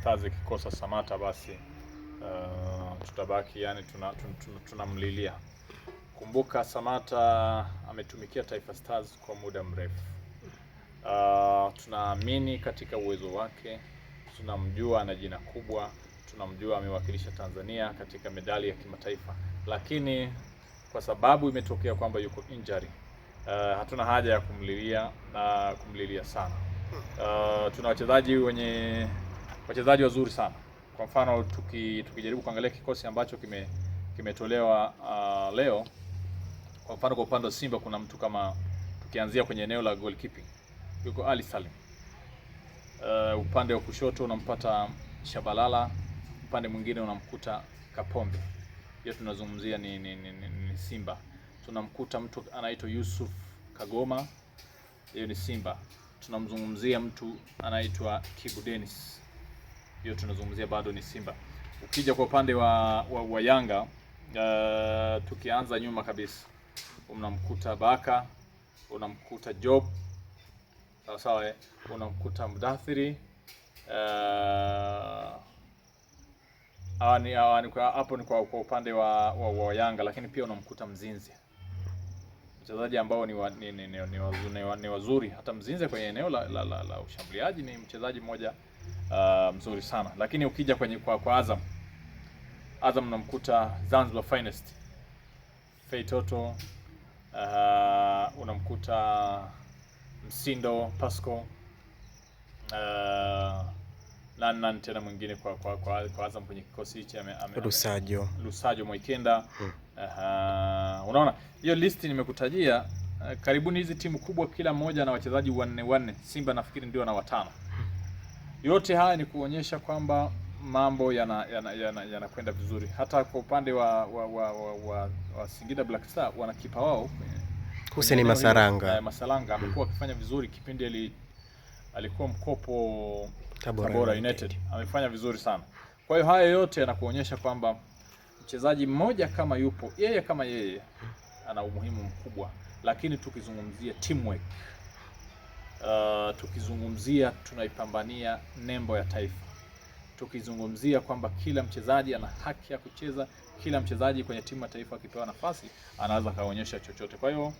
Stars ikikosa Samata basi uh, tutabaki yani tunamlilia tuna, tuna kumbuka, Samata ametumikia Taifa Stars kwa muda mrefu. Uh, tunaamini katika uwezo wake, tunamjua ana jina kubwa, tunamjua amewakilisha Tanzania katika medali ya kimataifa, lakini kwa sababu imetokea kwamba yuko injury uh, hatuna haja ya kumlilia na kumlilia sana. Uh, tuna wachezaji wenye wachezaji wazuri sana. Kwa mfano tuki, tukijaribu kuangalia kikosi ambacho kime kimetolewa uh, leo kwa mfano, kwa upande wa Simba kuna mtu kama tukianzia kwenye eneo la goalkeeping yuko Ali Salim. Uh, upande wa kushoto unampata Shabalala, upande mwingine unamkuta Kapombe. Hiyo tunazungumzia ni, ni, ni, ni, ni Simba. Tunamkuta mtu anaitwa Yusuf Kagoma, hiyo ni Simba. Tunamzungumzia mtu anaitwa Kibu Dennis hiyo tunazungumzia bado ni Simba. Ukija kwa upande wa, wa, wa Yanga uh, tukianza nyuma kabisa unamkuta Baka, unamkuta Job sawa sawa, eh, unamkuta Mdathiri uh, eh, hapo ni kwa, kwa upande wa, wa, wa Yanga, lakini pia unamkuta Mzinzi, mchezaji ambao ni, wa, ni, ni, ni, ni, wazuri, ni wazuri. Hata Mzinze kwenye eneo la, la, la, la ushambuliaji ni mchezaji mmoja uh, mzuri sana, lakini ukija kwenye kwa, kwa Azam Azam unamkuta Zanzibar Finest Feitoto, uh, unamkuta Msindo Pasco uh, nani nani tena mwingine kwa, kwa, kwa, kwa Azam kwenye kikosi hichi Lusajo Lusajo Mwikenda hmm. Uh, unaona hiyo listi nimekutajia, uh, karibuni hizi timu kubwa kila mmoja na wachezaji wanne wanne. Simba nafikiri ndio na watano yote haya ni kuonyesha kwamba mambo yanakwenda yana, yana, yana vizuri. Hata kwa upande wa, wa, wa, wa, wa, wa Singida Black Star wanakipa wao Huseni Masaranga, eh, Masaranga amekuwa akifanya vizuri kipindi ali, alikuwa mkopo Tabora, Tabora United amefanya vizuri sana. Kwa hiyo haya yote yanakuonyesha kwamba mchezaji mmoja kama yupo yeye kama yeye ana umuhimu mkubwa, lakini tukizungumzia teamwork uh, tukizungumzia tunaipambania nembo ya taifa, tukizungumzia kwamba kila mchezaji ana haki ya kucheza, kila mchezaji kwenye timu ya taifa akipewa nafasi anaweza akaonyesha chochote. Kwa hiyo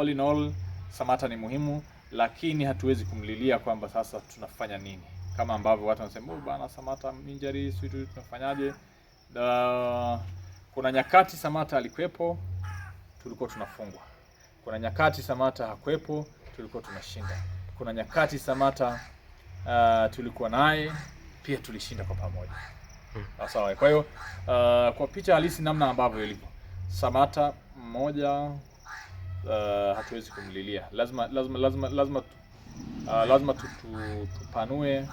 all in all, Samata ni muhimu, lakini hatuwezi kumlilia kwamba sasa tunafanya nini, kama ambavyo watu wanasema oh, bana Samata injury, sisi tunafanyaje? Uh, kuna nyakati Samata alikuwepo tulikuwa tunafungwa. Kuna nyakati Samata hakwepo tulikuwa tunashinda kuna nyakati Samata uh, tulikuwa naye pia tulishinda kwa pamoja hmm. Ah, sawa. Kwa hiyo uh, kwa picha halisi namna ambavyo ilivyo Samata mmoja uh, hatuwezi kumlilia, lazima lazima lazima lazima uh, lazima tupanue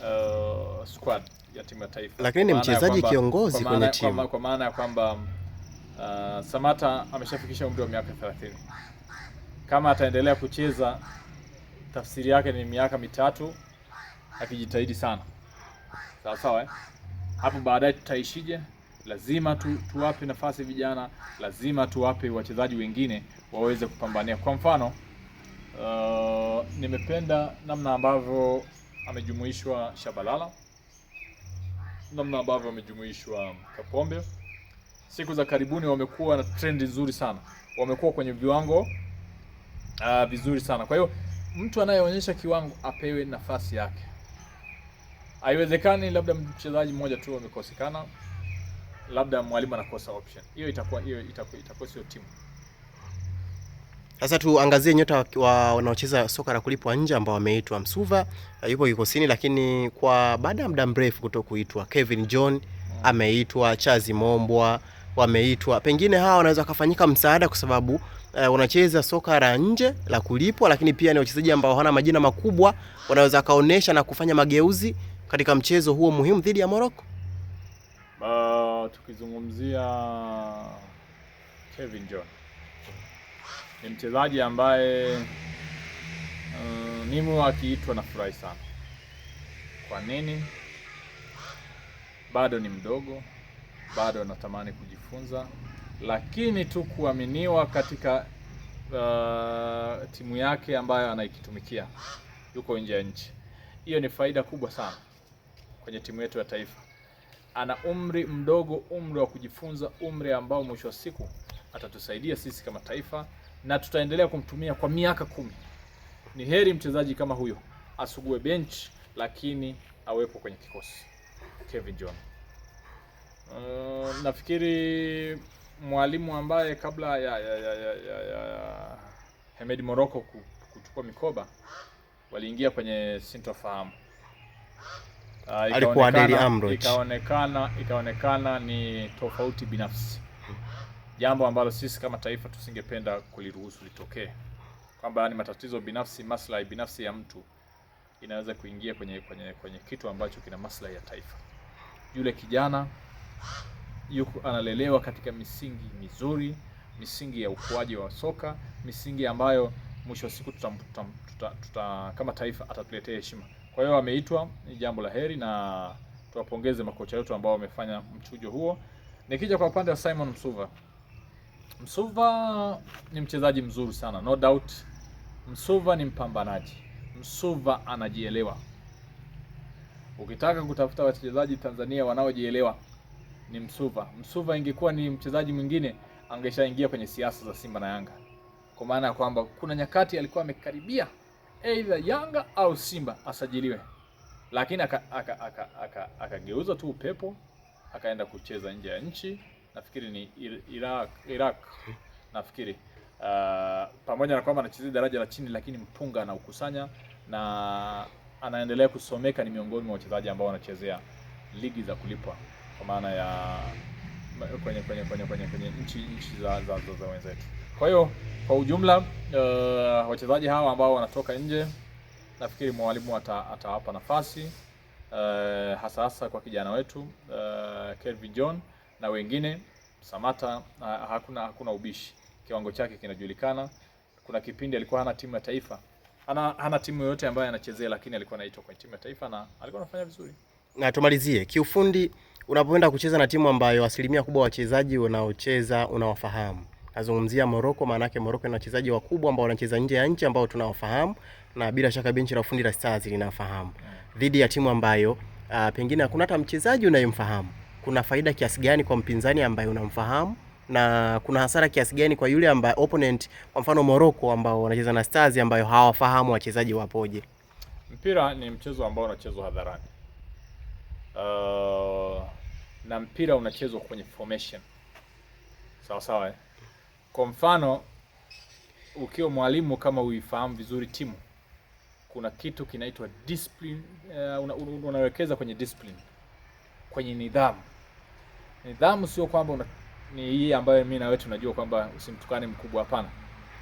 uh, squad ya timu ya taifa, lakini ni mchezaji kiongozi kwenye timu, kwa maana ya kwamba uh, Samata ameshafikisha umri wa miaka 30. Kama ataendelea kucheza tafsiri yake ni miaka mitatu akijitahidi sana, sawa sawa eh? Hapo baadaye tutaishije? Lazima tu, tuwape nafasi vijana, lazima tuwape wachezaji wengine waweze kupambania. Kwa mfano uh, nimependa namna ambavyo amejumuishwa Shabalala, namna ambavyo amejumuishwa Kapombe. Siku za karibuni wamekuwa na trendi nzuri sana, wamekuwa kwenye viwango uh, vizuri sana, kwa hiyo mtu anayeonyesha kiwango apewe nafasi yake. Haiwezekani labda mchezaji mmoja tu amekosekana, labda mwalimu anakosa option. Hiyo itakuwa hiyo itakuwa itakuwa sio timu. Sasa tuangazie nyota wa wanaocheza soka la kulipwa nje ambao wameitwa. Msuva eh, yupo kikosini, lakini kwa baada ya muda mrefu kuto kuitwa. Kevin John mm. ameitwa, Chazi Mombwa wameitwa. Pengine hawa wanaweza wakafanyika msaada, kwa sababu uh, wanacheza soka la nje la kulipwa, lakini pia ni wachezaji ambao hawana majina makubwa, wanaweza kaonesha na kufanya mageuzi katika mchezo huo muhimu dhidi ya Morocco. Uh, tukizungumzia Kevin John ni mchezaji ambaye eh, uh, mimi akiitwa na furahi sana. Kwa nini? Bado ni mdogo bado anatamani kujifunza, lakini tu kuaminiwa katika uh, timu yake ambayo anaikitumikia yuko nje ya nchi. Hiyo ni faida kubwa sana kwenye timu yetu ya taifa. Ana umri mdogo, umri wa kujifunza, umri ambao mwisho wa siku atatusaidia sisi kama taifa na tutaendelea kumtumia kwa miaka kumi. Ni heri mchezaji kama huyo asugue bench, lakini awepo kwenye kikosi. Kevin John Eh, nafikiri mwalimu ambaye kabla ya ya ya, ya, ya, ya Hemedi Moroko kuchukua mikoba waliingia kwenye sintofahamu. Uh, alikuwa Deli ikaonekana ikaonekana ni tofauti binafsi, jambo ambalo sisi kama taifa tusingependa kuliruhusu litokee, kwamba ni matatizo binafsi, maslahi binafsi ya mtu inaweza kuingia kwenye kwenye kwenye kitu ambacho kina maslahi ya taifa. Yule kijana yuko analelewa katika misingi mizuri, misingi ya ukuaji wa soka, misingi ambayo mwisho wa siku tuta, tuta, tuta, tuta, kama taifa atatuletea heshima. Kwa hiyo ameitwa, ni jambo la heri na tuwapongeze makocha wetu ambao wamefanya mchujo huo. Nikija kwa upande wa Simon Msuva, Msuva ni mchezaji mzuri sana, no doubt. Msuva ni mpambanaji, Msuva anajielewa. Ukitaka kutafuta wachezaji Tanzania wanaojielewa ni Msuva. Msuva ingekuwa ni mchezaji mwingine angeshaingia kwenye siasa za Simba na Yanga, kwa maana ya kwamba kuna nyakati alikuwa amekaribia either Yanga au Simba asajiliwe, lakini akageuzwa aka, aka, aka, aka tu upepo akaenda kucheza nje ya nchi, nafikiri ni Iraq, Iraq nafikiri uh, pamoja na kwamba anachezea daraja la chini, lakini mpunga anaukusanya na anaendelea kusomeka, ni miongoni mwa wachezaji ambao wanachezea ligi za kulipwa kwa maana ya kwenye kwenye kwenye kwenye kwenye nchi nchi za za, za, za wenzetu. Kwa hiyo kwa ujumla uh, wachezaji hawa ambao wanatoka nje nafikiri mwalimu atawapa ata nafasi uh, hasa hasa kwa kijana wetu uh, Kelvin John na wengine. Samata uh, hakuna hakuna ubishi, kiwango chake kinajulikana. Kuna kipindi alikuwa hana timu ya taifa, hana, hana timu yoyote ambayo anachezea, lakini alikuwa anaitwa kwenye timu ya taifa na alikuwa anafanya vizuri. Na tumalizie kiufundi unapoenda kucheza na timu ambayo asilimia kubwa wachezaji unaocheza unawafahamu. Nazungumzia Moroko, maana yake Morocco ina wachezaji wakubwa ambao wanacheza nje ya nchi ambao tunawafahamu, na bila shaka benchi la ufundi la Stars linafahamu, dhidi ya timu ambayo uh, pengine hakuna hata mchezaji unayemfahamu. Kuna faida kiasi gani kwa mpinzani ambaye unamfahamu na kuna hasara kiasi gani kwa yule ambaye opponent, kwa mfano Morocco ambao wanacheza na Stars ambayo hawafahamu wachezaji wapoje. Mpira ni mchezo ambao unachezwa hadharani uh na mpira unachezwa kwenye formation sawa sawa eh? Kwa mfano ukiwa mwalimu kama uifahamu vizuri timu, kuna kitu kinaitwa discipline. Uh, una, unawekeza kwenye discipline, kwenye nidhamu. Nidhamu sio kwamba una, ni hii ambayo mimi na wewe tunajua kwamba usimtukane mkubwa, hapana.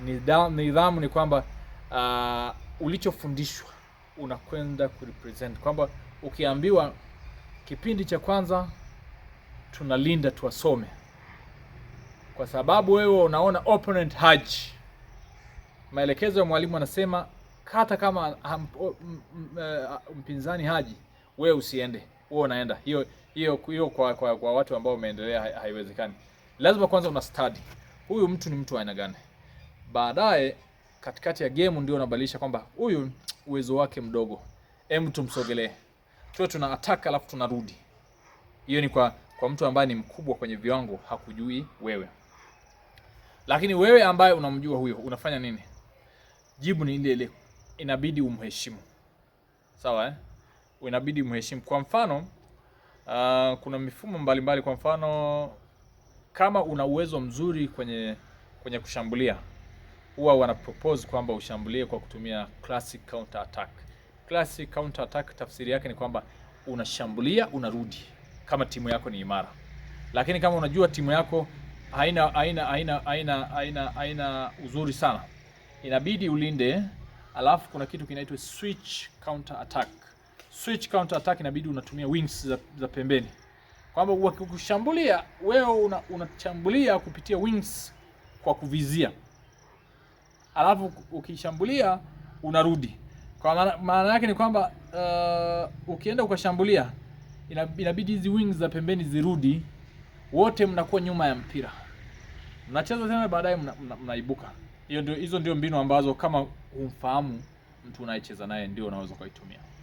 Nidhamu, nidhamu ni kwamba uh, ulichofundishwa unakwenda kurepresent, kwamba ukiambiwa kipindi cha kwanza tunalinda tuwasome, kwa sababu wewe unaona opponent haji. Maelekezo ya mwalimu anasema hata kama eh, mpinzani haji, wewe usiende, wewe unaenda. Hiyo hiyo hiyo kwa, kwa, kwa watu ambao umeendelea haiwezekani. Lazima kwanza una study huyu mtu ni mtu aina gani, baadaye katikati ya game ndio unabadilisha kwamba huyu uwezo wake mdogo, hem, tumsogelee, tuwe tuna attack alafu tunarudi. Hiyo ni kwa kwa mtu ambaye ni mkubwa kwenye viwango hakujui wewe. Lakini wewe ambaye unamjua huyo unafanya nini? Jibu ni ile ile, inabidi umheshimu. Sawa eh? Inabidi umheshimu. Kwa mfano uh, kuna mifumo mbalimbali mbali. Kwa mfano kama una uwezo mzuri kwenye kwenye kushambulia, huwa wana propose kwamba ushambulie kwa kutumia classic counter attack. Classic counter attack tafsiri yake ni kwamba unashambulia unarudi kama timu yako ni imara. Lakini kama unajua timu yako haina haina haina haina haina haina uzuri sana, inabidi ulinde. Alafu kuna kitu kinaitwa switch counter attack. Switch counter attack inabidi unatumia wings za, za pembeni, kwamba wakikushambulia wewe unashambulia una kupitia wings kwa kuvizia, alafu ukishambulia unarudi. Kwa maana yake ni kwamba uh, ukienda ukashambulia inabidi hizi wings za pembeni zirudi, wote mnakuwa nyuma ya mpira, mnacheza tena, baadaye mnaibuka mna, mna hiyo ndio, hizo ndio mbinu ambazo kama humfahamu mtu unayecheza naye ndio unaweza ukaitumia.